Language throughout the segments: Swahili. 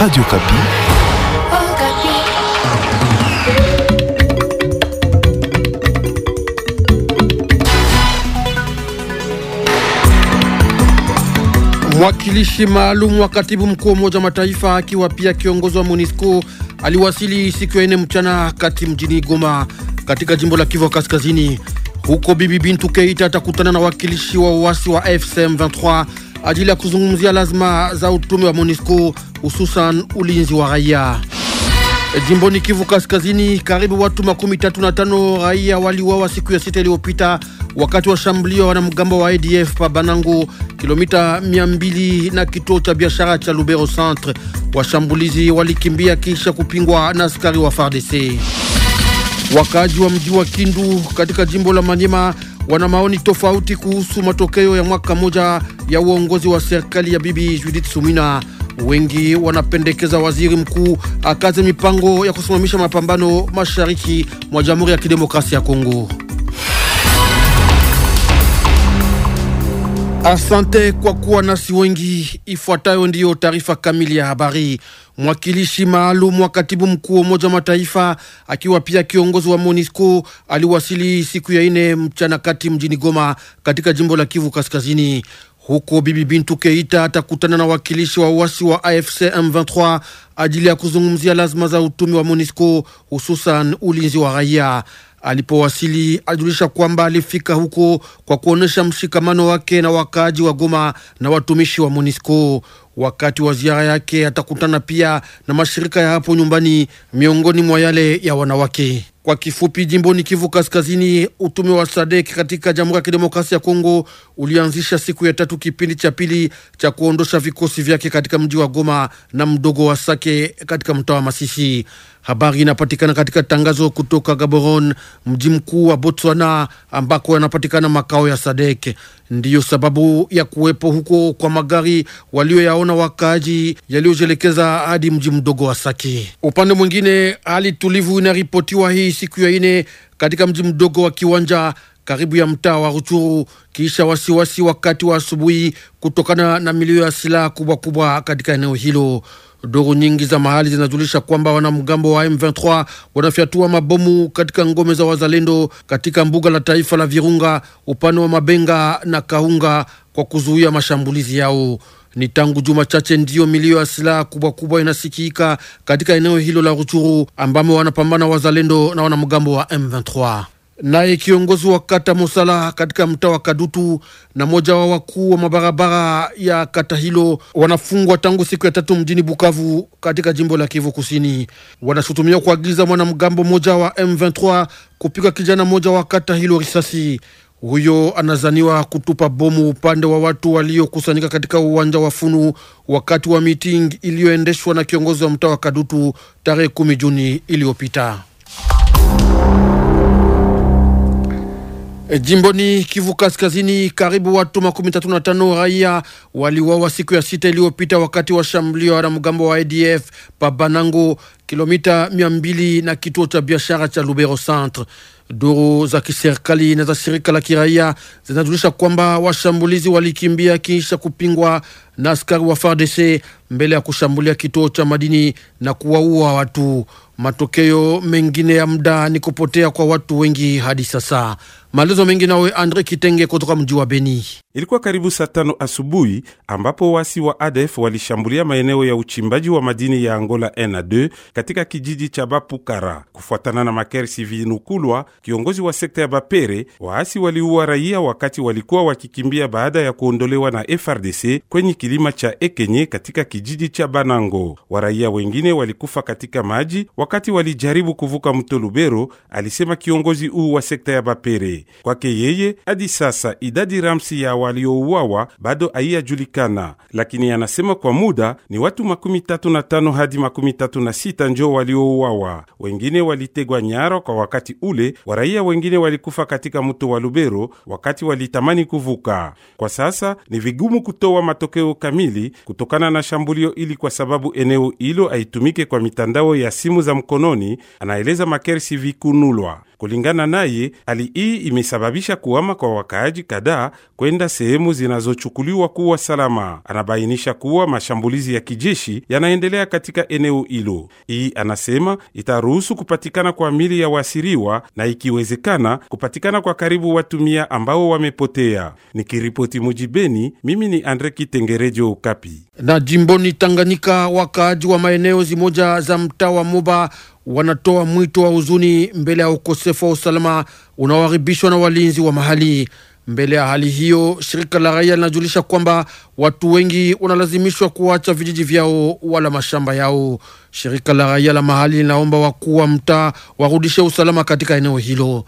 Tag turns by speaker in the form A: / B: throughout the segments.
A: Radio Kapi.
B: Mwakilishi maalum wa katibu mkuu wa Umoja wa Mataifa akiwa pia kiongozi wa MONUSCO aliwasili siku ya nne mchana kati mjini Goma katika jimbo la Kivu Kaskazini. Huko Bibi Bintu Keita atakutana na wakilishi wa uasi wa FCM 23 ajili ya kuzungumzia lazima za utume wa MONUSCO hususan ulinzi wa raia. Jimboni Kivu Kaskazini, karibu watu makumi tatu na tano raia waliuawa siku ya sita iliyopita wakati wa shambulio wa wanamgambo wa ADF pa Banangu, kilomita 200 na kituo cha biashara cha Lubero Centre. Washambulizi walikimbia kisha kupingwa na askari wa FARDC. Wakaaji wa mji wa Kindu katika jimbo la Manyema wana maoni tofauti kuhusu matokeo ya mwaka moja ya uongozi wa serikali ya bibi Judith Sumina. Wengi wanapendekeza waziri mkuu akaze mipango ya kusimamisha mapambano mashariki mwa Jamhuri ya Kidemokrasia ya Kongo. Asante kwa kuwa nasi wengi. Ifuatayo ndiyo taarifa kamili ya habari. Mwakilishi maalum wa katibu mkuu wa Umoja wa Mataifa akiwa pia kiongozi wa MONUSCO aliwasili siku ya ine mchana kati mjini Goma katika jimbo la Kivu Kaskazini. Huko Bibi Bintu Keita atakutana na wakilishi wa uasi wa AFC M23 ajili ya kuzungumzia lazima za utumi wa MONUSCO hususan ulinzi wa raia. Alipowasili alijulisha kwamba alifika huko kwa kuonyesha mshikamano wake na wakaaji wa Goma na watumishi wa MONUSCO. Wakati wa ziara yake atakutana pia na mashirika ya hapo nyumbani, miongoni mwa yale ya wanawake. Kwa kifupi, jimboni Kivu Kaskazini, utume wa SADEK katika Jamhuri ya Kidemokrasia ya Kongo ulianzisha siku ya tatu kipindi cha pili cha kuondosha vikosi vyake katika mji wa Goma na mdogo wa Sake katika mtaa wa Masisi. Habari inapatikana katika tangazo kutoka Gaborone, mji mkuu wa Botswana, ambako yanapatikana makao ya Sadek. Ndiyo sababu ya kuwepo huko kwa magari walioyaona wakaaji yaliyojelekeza hadi mji mdogo wa Saki. Upande mwingine, hali tulivu inaripotiwa hii siku ya ine katika mji mdogo wa Kiwanja karibu ya mtaa wa Ruchuru kisha wasiwasi wakati wa asubuhi kutokana na milio ya silaha kubwa kubwa katika eneo hilo. Duru nyingi za mahali zinajulisha kwamba wanamgambo wa M23 wanafyatua mabomu katika ngome za wazalendo katika mbuga la taifa la Virunga upande wa Mabenga na Kaunga kwa kuzuia mashambulizi yao. Ni tangu juma chache ndiyo milio ya silaha kubwa kubwa inasikika katika eneo hilo la Ruchuru ambamo wanapambana wazalendo na wanamgambo wa M23 naye kiongozi wa kata Mosala katika mtaa wa Kadutu na moja wa wakuu wa mabarabara ya kata hilo wanafungwa tangu siku ya tatu mjini Bukavu katika jimbo la Kivu Kusini. Wanashutumiwa kuagiza mwanamgambo mmoja wa M23 kupiga kijana mmoja wa kata hilo risasi. Huyo anazaniwa kutupa bomu upande wa watu waliokusanyika katika uwanja wa Funu wakati wa miting iliyoendeshwa na kiongozi wa mtaa wa Kadutu tarehe 1 Juni iliyopita. E, Jimboni Kivu Kaskazini, karibu watu makumi tatu na tano raia waliwawa siku ya sita iliyopita wakati wa shambulio mgambo wa ADF banango kilomita mia mbili na kituo cha biashara cha Lubero Centre. Duru za kiserikali na za shirika la kiraia zinajulisha kwamba washambulizi walikimbia kisha kupingwa na askari wa FARDC mbele ya kushambulia kituo cha madini na kuwaua watu. Matokeo mengine ya
A: muda ni kupotea kwa watu wengi hadi sasa. Maelezo mengi nawe Andre Kitenge kutoka mji wa Beni. Ilikuwa karibu saa tano asubuhi ambapo wasi wa ADF walishambulia maeneo ya uchimbaji wa madini ya Angola 1 na 2 katika kijiji cha Bapukara. Kufuatana na Makersi Vinukulwa, kiongozi wa sekta ya Bapere, waasi waliua raia wakati walikuwa wakikimbia baada ya kuondolewa na FRDC kwenye kilima cha Ekenye katika kijiji cha Banango. Waraia wengine walikufa katika maji wakati walijaribu kuvuka mto Lubero, alisema kiongozi huu wa sekta ya Bapere. Kwake yeye, hadi sasa idadi ramsi ya waliouawa bado haiyajulikana, lakini anasema kwa muda ni watu makumi tatu na tano hadi makumi tatu na sita njo waliouawa, wengine walitegwa nyara kwa wakati ule Waraia wengine walikufa katika mto wa Lubero wakati walitamani kuvuka. Kwa sasa ni vigumu kutoa matokeo kamili kutokana na shambulio ili, kwa sababu eneo hilo haitumike kwa mitandao ya simu za mkononi, anaeleza Makersi Vikunulwa. Kulingana naye, hali hii imesababisha kuhama kwa wakaaji kadhaa kwenda sehemu zinazochukuliwa kuwa salama. Anabainisha kuwa mashambulizi ya kijeshi yanaendelea katika eneo hilo. Hii anasema itaruhusu kupatikana kwa mili ya wasiriwa na ikiwezekana kupatikana kwa karibu watu mia ambao wamepotea. Nikiripoti Mujibeni, mimi ni Andre kitengerejo kapi Na jimboni
B: Tanganyika, wakaaji wa maeneo zimoja za mtaa wa Moba wanatoa mwito wa huzuni mbele ya ukosefu wa usalama unaoharibishwa na walinzi wa mahali. Mbele ya hali hiyo, shirika la raia linajulisha kwamba watu wengi wanalazimishwa kuacha vijiji vyao wala mashamba yao. Shirika la raia la mahali linaomba wakuu wa mtaa warudishe usalama katika eneo hilo.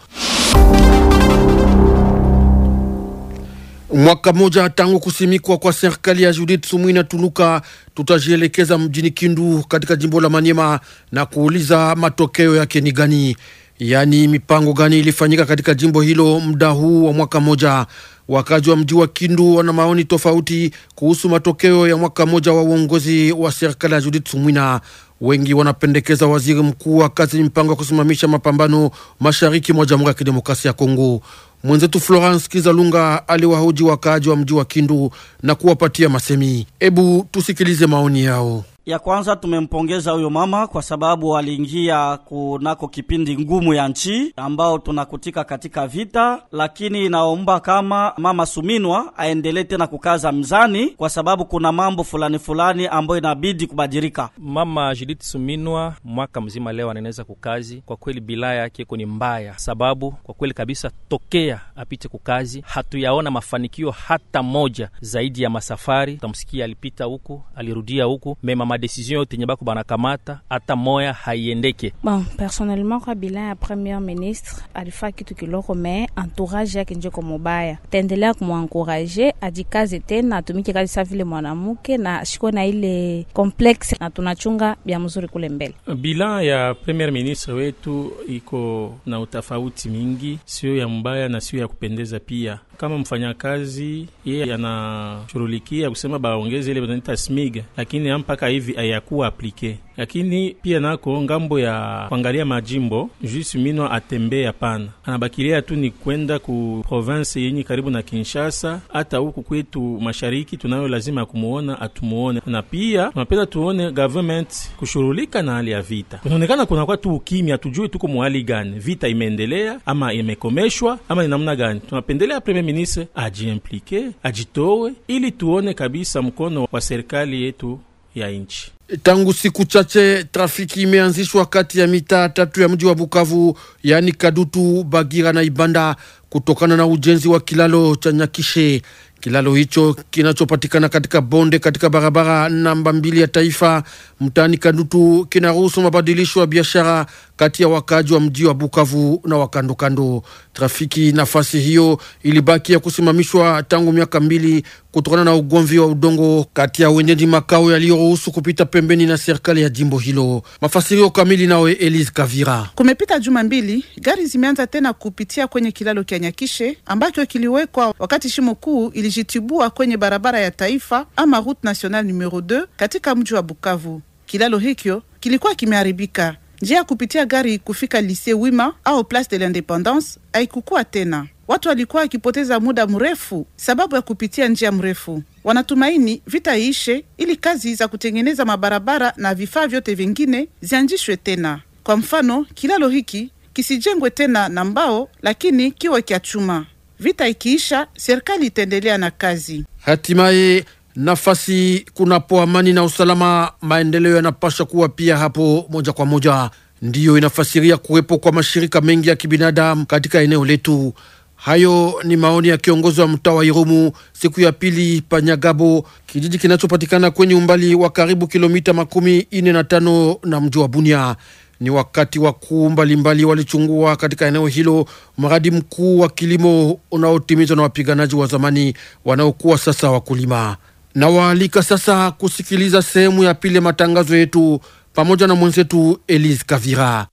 B: Mwaka moja tangu kusimikwa kwa serikali ya Judith Sumwina Tuluka, tutajielekeza mjini Kindu katika jimbo la Manyema na kuuliza matokeo yake ni gani. Yaani, mipango gani ilifanyika katika jimbo hilo muda huu wa mwaka moja? Wakazi wa mji wa Kindu wana maoni tofauti kuhusu matokeo ya mwaka moja wa uongozi wa serikali ya Judith Sumwina. Wengi wanapendekeza waziri mkuu wa kazi mpango ya kusimamisha mapambano mashariki mwa Jamhuri ya Kidemokrasia ya Kongo. Mwenzetu Florence Kizalunga aliwahoji wakaaji wa mji wa Kindu na kuwapatia masemi. Hebu tusikilize maoni
C: yao. Ya kwanza tumempongeza huyo mama kwa sababu aliingia kunako kipindi ngumu ya nchi ambao tunakutika katika vita, lakini inaomba kama mama Suminwa aendelee tena kukaza mzani, kwa sababu kuna mambo fulani fulani ambayo inabidi kubadilika. Mama Judith Suminwa mwaka mzima leo anaweza kukazi, kwa kweli bila yake iko ni mbaya, sababu kwa kweli kabisa tokea apite kukazi hatuyaona mafanikio hata moja zaidi ya masafari. Tamsikia alipita huku alirudia huku mema madesizio yote nye bako banakamata hata moya haiendeke.
D: Bon, personnellement kwa bilan ya premier ministre alifaa kitu kiloko, me entourage yake njeko mubaya, taendelea kumwankuraje ajikaze tena atumike kazi sa vile mwanamke na shikwe na ile complexe na tunachunga bya mzuri kule mbele.
E: Bilan ya premier ministre wetu iko na utafauti mingi, sio ya mbaya na sio ya kupendeza pia. Kama mfanyakazi yeye anashurulikia kusema baongeze ile banaita smig, lakini mpaka hivi hivi hayakuwa aplike, lakini pia nako ngambo ya kuangalia majimbo jusi mino atembee hapana, anabakilia tu ni kwenda ku province yenye karibu na Kinshasa. Hata huku kwetu mashariki tunayo lazima ya kumuona atumuone, na pia tunapenda tuone government kushurulika na hali ya vita. Kunaonekana kunakuwa tu ukimya, tujui tuko mwali gani, vita imeendelea ama imekomeshwa ama ni namna gani. Tunapendelea premier ministre ajiimplike, ajitowe ili tuone kabisa mkono wa serikali yetu ya
B: nchi. Tangu siku chache trafiki imeanzishwa kati ya mitaa tatu ya mji wa Bukavu, yaani Kadutu, Bagira na Ibanda, kutokana na ujenzi wa kilalo cha Nyakishe. Kilalo hicho kinachopatikana katika bonde katika barabara namba mbili ya taifa mtaani Kadutu kinaruhusu mabadilisho ya biashara kati ya wakaji wa mji wa Bukavu na wakandokando. Trafiki nafasi hiyo ilibaki ya kusimamishwa tangu miaka mbili kutokana na ugomvi wa udongo kati ya wenyeji makao yaliyoruhusu kupita pembeni na serikali ya jimbo hilo. Mafasirio kamili nawe Elise Kavira.
D: Kumepita juma mbili, gari zimeanza tena kupitia kwenye kilalo kia Nyakishe ambacho kiliwekwa wakati shimo kuu ili ilijitibua kwenye barabara ya taifa ama route nationale numero 2 katika mji wa Bukavu. Kilalo hikyo kilikuwa kimeharibika, njia ya kupitia gari kufika Lycée Wima au Place de l'Independance haikukua tena. Watu walikuwa wakipoteza muda mrefu sababu ya kupitia njia mrefu. Wanatumaini vita iishe ili kazi za kutengeneza mabarabara na vifaa vyote vingine zianzishwe tena. Kwa mfano, kilalo hiki kisijengwe tena na mbao, lakini kiwe kya chuma. Vita ikiisha, serikali itaendelea na kazi.
B: Hatimaye
D: nafasi kunapo amani na usalama,
B: maendeleo yanapasha kuwa pia hapo moja kwa moja. Ndiyo inafasiria kuwepo kwa mashirika mengi ya kibinadamu katika eneo letu. Hayo ni maoni ya kiongozi wa mtaa wa Irumu siku ya pili Panyagabo, kijiji kinachopatikana kwenye umbali wa karibu kilomita makumi ine na tano na mji wa Bunia ni wakati wakuu mbalimbali walichungua katika eneo hilo mradi mkuu wa kilimo unaotimizwa na wapiganaji wa zamani wanaokuwa sasa wakulima. Na waalika sasa kusikiliza sehemu ya pili ya matangazo yetu pamoja na mwenzetu Elise Kavira.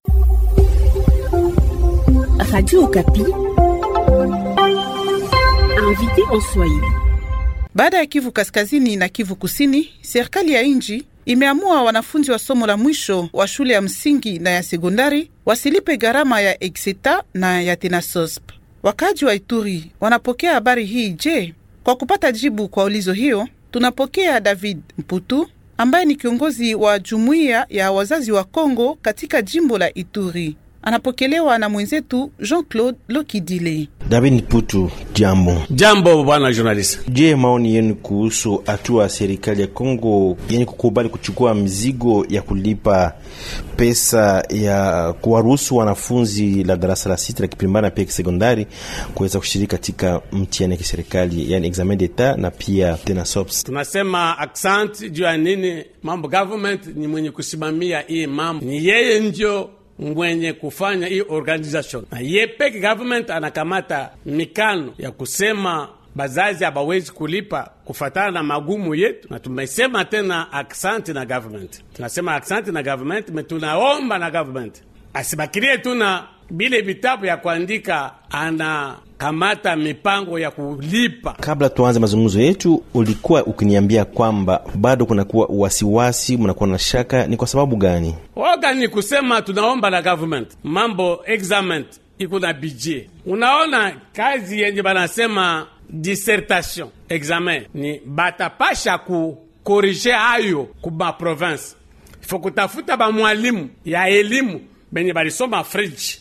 D: Radio invité en Swahili. Baada ya Kivu Kaskazini na Kivu Kusini, serikali ya nchi imeamua wanafunzi wa somo la mwisho wa shule ya msingi na ya sekondari wasilipe gharama ya Exeta na ya Tenasosp. Wakaji wa Ituri wanapokea habari hii je? Kwa kupata jibu kwa ulizo hiyo, tunapokea David Mputu ambaye ni kiongozi wa jumuiya ya wazazi wa Kongo katika jimbo la Ituri anapokelewa na mwenzetu Jean-Claude Lokidile.
C: David Putu, jambo. Jambo bwana journalist. Je, maoni yenu kuhusu hatua ya serikali ya Kongo yenye kukubali kuchukua mzigo ya kulipa pesa ya kuwaruhusu wanafunzi la darasa la sita la kiprimari na pia kisekondari kuweza kushiriki katika mtihani ya kiserikali, yani examen d'etat na pia tenasops?
E: Tunasema accent juu ya nini? Mambo government ni mwenye kusimamia hii mambo, ni yeye ndio mwenye kufanya hiyo organization na ye peke government anakamata mikano ya kusema bazazi abawezi kulipa kufatana na magumu yetu, na tumesema tena aksanti na government, tunasema aksanti na government, tunaomba na government asibakirie tuna bile vitabu ya kuandika ana kamata mipango ya kulipa.
C: Kabla tuanze mazungumzo yetu, ulikuwa ukiniambia kwamba bado kunakuwa wasiwasi, mnakuwa na shaka, ni kwa sababu gani?
E: Oga ni kusema tunaomba la government mambo exament iko na budget. Unaona kazi yenye banasema dissertation examen ni batapasha kukorije ayo kuba province, ifo kutafuta bamwalimu ya elimu benye balisoma French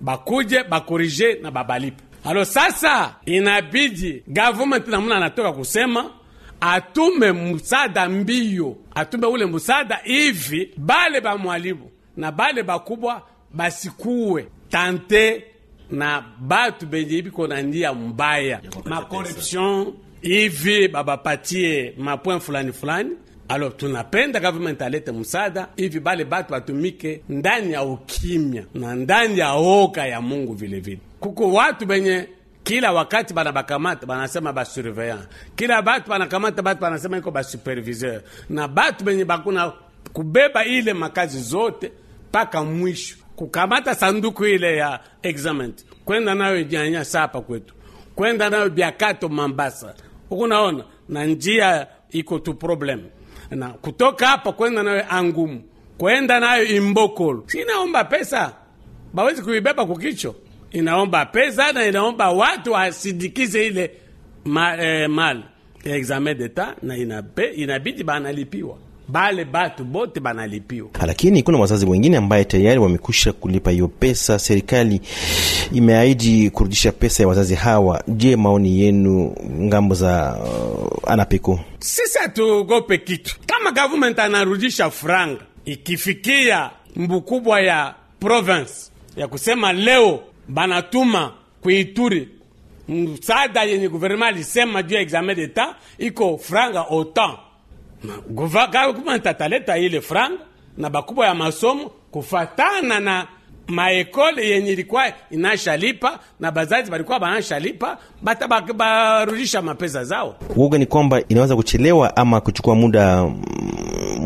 E: bakuje bakorije na babalipa alo sasa inabidi government namuna anatoka kusema atume musada mbio, atume ule musada ivi bale ba mwalimu na bale bakubwa basikuwe tante na batu benye biko na ndia mbaya ma corruption hivi babapatie mapoint fulani fulani. Alors tunapenda government alete msada ivi bale batu batumike ndani ya ukimya na ndani ya oka ya Mungu vilevile kuko watu benye kila wakati banabakamata banasema basurveillant, kila batu banakamata batu banasema iko basuperviseur, na batu benye bakuna kubeba ile makazi zote mpaka mwisho, kukamata sanduku ile ya examen kwenda nayo janya sapa kwetu kwenda nayo Biakato Mambasa, ukunaona na njia iko tu problem, na kutoka hapa kwenda nayo Angumu kwenda nayo Imbokolo, sinaomba pesa bawezi kuibeba kukicho inaomba pesa na inaomba watu wasidikize ile ma, eh, mal ya examen d'etat na inabe, inabidi banalipiwa bale batu bote banalipiwa,
C: lakini kuna wazazi wengine ambaye tayari wamekusha kulipa hiyo pesa. Serikali imeahidi kurudisha pesa ya wazazi hawa. Je, maoni yenu ngambo za uh, anapeko?
E: Sisi hatuogope kitu, kama government anarudisha franga ikifikia mbukubwa ya province ya kusema leo banatuma kuituri msaada yenye guvernema alisema juu ya examen d'etat iko franga otan gavumenti ile franga na bakubwa ya masomo kufatana na maekole yenye ilikuwa inashalipa na bazazi balikuwa banashalipa barudisha mapesa zao.
C: Woga ni kwamba inaweza kuchelewa ama kuchukua muda mm,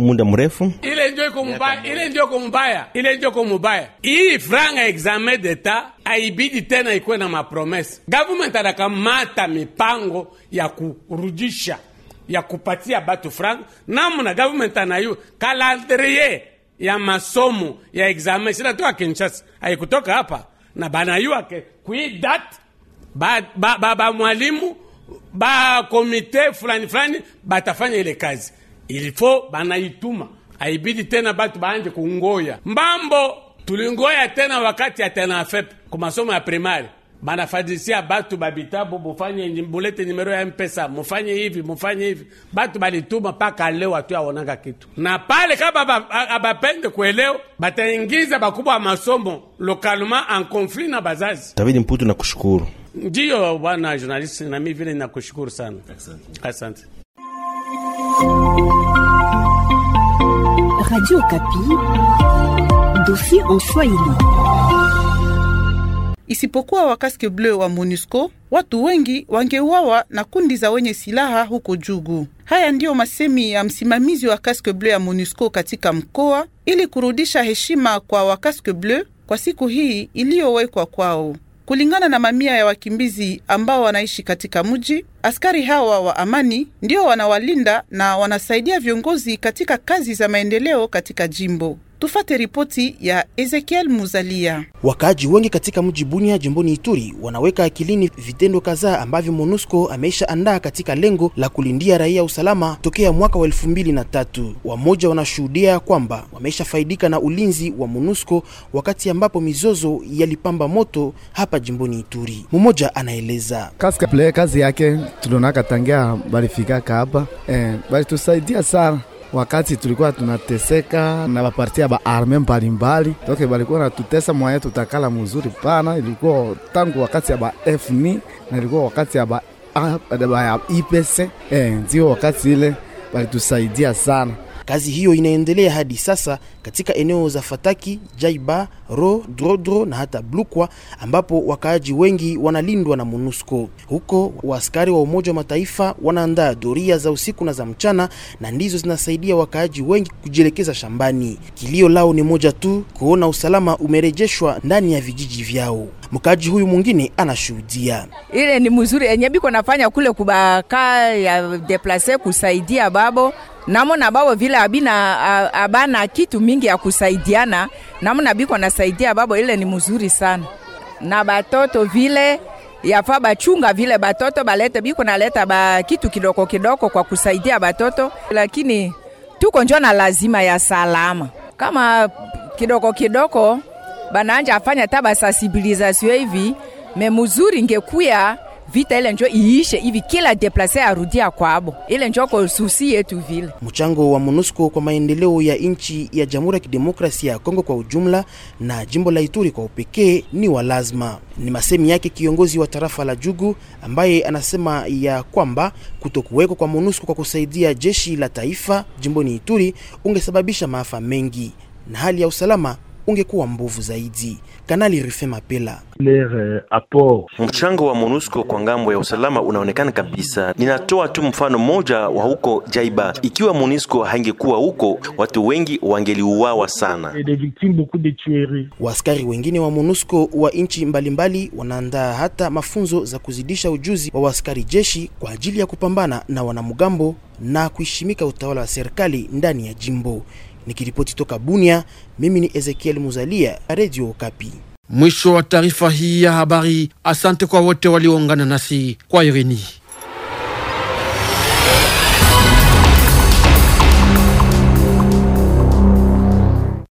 C: muda mrefu.
E: Ile ndio iko mubaya, ile ndio iko mubaya, ile ndio iko mubaya. Hii franga examen d'etat aibidi tena ikuwe na mapromesa. Government anakamata mipango ya kurudisha ya kupatia batu franga, namna government anayo kalandrie ya masomo ya examen sinatoka Kinshasa, haikutoka hapa na banayuake kuidat ba, ba, ba, ba mwalimu ba komite fulani fulani batafanya ile kazi ilifo banaituma, aibidi tena batu baanje kungoya mbambo. Tulingoya tena wakati ya TENAFEP ku masomo ya primari banafadisia batu babitabu, mufanye mulete nimero ya mpesa, mufanye hivi mufanye hivi. Batu balituma paka leo watu wanaga kitu, na pale kama abapende kuelewa bataingiza bakubwa wa masomo lokaluma en conflit na bazazi.
C: Tabidi Mputu, nakushukuru.
E: Ndiyo bwana journalist, nami vile nakushukuru sana, asante.
D: Radio Kapi, dossier en Swahili. Isipokuwa wakaske bleu wa MONUSCO, watu wengi wangeuawa na kundi za wenye silaha huko Jugu. Haya ndiyo masemi ya msimamizi wa kaske bleu ya MONUSCO katika mkoa, ili kurudisha heshima kwa wakaske bleu kwa siku hii iliyowekwa kwao. Kulingana na mamia ya wakimbizi ambao wanaishi katika mji, askari hawa wa amani ndio wanawalinda na wanasaidia viongozi katika kazi za maendeleo katika jimbo. Tufate ripoti ya Ezekiel Muzalia.
F: Wakaaji wengi katika mji Bunia jimboni Ituri wanaweka akilini vitendo kadhaa ambavyo MONUSCO ameisha andaa katika lengo la kulindia raia usalama tokea mwaka wa elfu mbili na tatu. Wamoja wanashuhudia ya kwamba wameisha faidika na ulinzi wa MONUSCO wakati ambapo mizozo yalipamba moto hapa jimboni Ituri. Mmoja anaeleza kazi yake tulionaka tangia balifikaka hapa eh, balitusaidia sana wakati tulikuwa tunateseka na bapartia ba arme mbalimbali toke balikuwa natutesa mwaye tutakala muzuri pana. Ilikuwa tangu wakati ya ba FNI na ilikuwa wakati ya ba IPC e. eh, ndio wakati ile balitusaidia sana Kazi hiyo inaendelea hadi sasa katika eneo za Fataki, Jaiba, Ro, Drodro na hata Blukwa ambapo wakaaji wengi wanalindwa na MONUSCO. Huko waaskari wa Umoja wa Mataifa wanaandaa doria za usiku na za mchana, na ndizo zinasaidia wakaaji wengi kujielekeza shambani. Kilio lao ni moja tu, kuona usalama umerejeshwa ndani ya vijiji vyao. Mkaaji huyu mwingine anashuhudia.
D: Ile ni mzuri yenye biko nafanya kule kubaka ya deplase kusaidia babo namona babo vile abina abana kitu mingi ya kusaidiana, namona biko nasaidia babo, ile ni mzuri sana. Na batoto vile yafaa bachunga vile batoto balete biko naleta ba kitu kidoko kidoko kwa kusaidia batoto, lakini tuko njo na lazima ya salama kama kidoko kidoko bananja afanya taba basensibilizasio hivi memuzuri ngekuya vita ile njo iishe hivi, kila deplase arudie kwabo, ile njo ko susi yetu vile.
F: Mchango wa MONUSCO kwa maendeleo ya nchi ya Jamhuri ya Kidemokrasia ya Kongo kwa ujumla na jimbo la Ituri kwa upekee ni wa lazima. Ni masemi yake kiongozi wa tarafa la Jugu ambaye anasema ya kwamba kutokuweko kwa MONUSCO kwa kusaidia jeshi la taifa jimboni Ituri ungesababisha maafa mengi na hali ya usalama ungekuwa mbovu zaidi. Kanali Rife Mapela.
C: Eh, Mchango wa MONUSCO kwa ngambo ya usalama unaonekana kabisa. Ninatoa tu mfano mmoja wa huko Jaiba. Ikiwa MONUSCO haingekuwa huko, watu wengi wangeliuawa sana.
F: waskari wengine wa MONUSCO wa nchi mbalimbali wanaandaa hata mafunzo za kuzidisha ujuzi wa waskari jeshi kwa ajili ya kupambana na wanamgambo na kuishimika utawala wa serikali ndani ya jimbo.
B: Nikiripoti toka Bunia, mimi ni Ezekiel Muzalia, Radio Okapi. Mwisho wa taarifa hii ya habari. Asante kwa wote walioungana nasi kwa Irini.